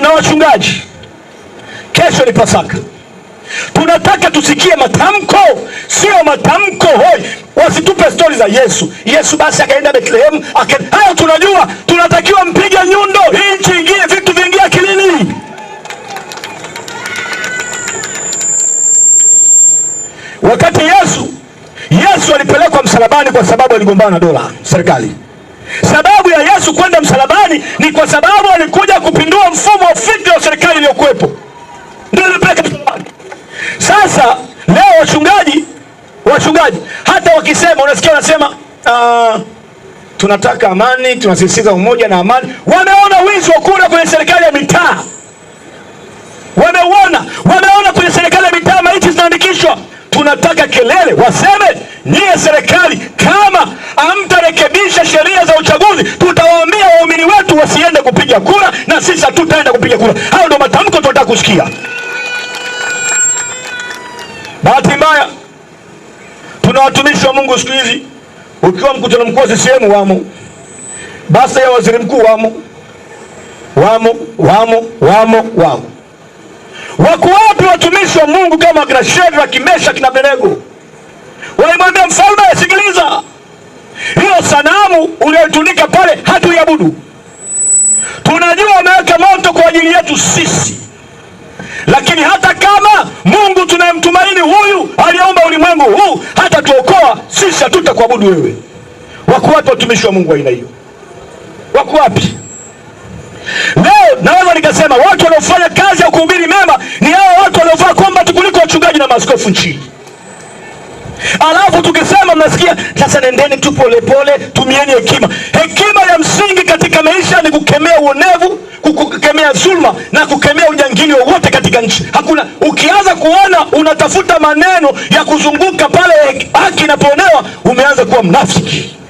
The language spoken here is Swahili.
na wachungaji. Kesho ni Pasaka, tunataka tusikie matamko, sio matamko hoi. Wasitupe stori za Yesu Yesu basi akaenda Bethlehemu aka... hayo tunajua, tunatakiwa mpige nyundo hii nchi ingie, vitu vingie akilini. Wakati Yesu Yesu alipelekwa msalabani kwa sababu aligombana na dola serikali. Sababu ya Yesu kwenda msalabani ni kwa sababu alikuwa kupindua mfumo wa fikra wa serikali iliyokuwepo, ndio imepeleka msalabani. Sasa leo wachungaji wachungaji hata wakisema unasikia wanasema uh, tunataka amani, tunasisitiza umoja na amani. Wameona wizi wa kura kwenye serikali ya mitaa, wameuona. Wameona kwenye serikali ya mitaa maiti zinaandikishwa. Tunataka kelele, waseme nyie serikali, kama hamtarekebisha sheria za uchaguzi tutawa wasiende kupiga kura na sisi hatutaenda kupiga kura. Hayo ndio matamko tunataka kusikia. Bahati mbaya tuna watumishi wa Mungu siku hizi, ukiwa mkutano mkuu wa CCM wamo, basi ya waziri mkuu wamo, wamo wamo wamo wamo. Wako wapi watumishi wa Mungu kama kina Shadraka, Kimesha, kina Abednego? Walimwambia mfalme, sikiliza, hiyo sanamu uliyotunika pale hatuiabudu. ulimwengu huu hata tuokoa sisi, hatutakuabudu wewe. Wako wapi watumishi wa Mungu aina hiyo? Wako wapi leo? Naweza nikasema watu wanaofanya kazi ya kuhubiri mema ni hao watu waliovaa kombati kuliko wachungaji na maaskofu nchini. Alafu tukisema mnasikia sasa, nendeni tu polepole, tumieni hekima. Hekima ya msingi maisha ni kukemea uonevu, kukemea dhulma na kukemea ujangili wowote katika nchi. Hakuna ukianza kuona unatafuta maneno ya kuzunguka pale haki inapoonewa, umeanza kuwa mnafiki.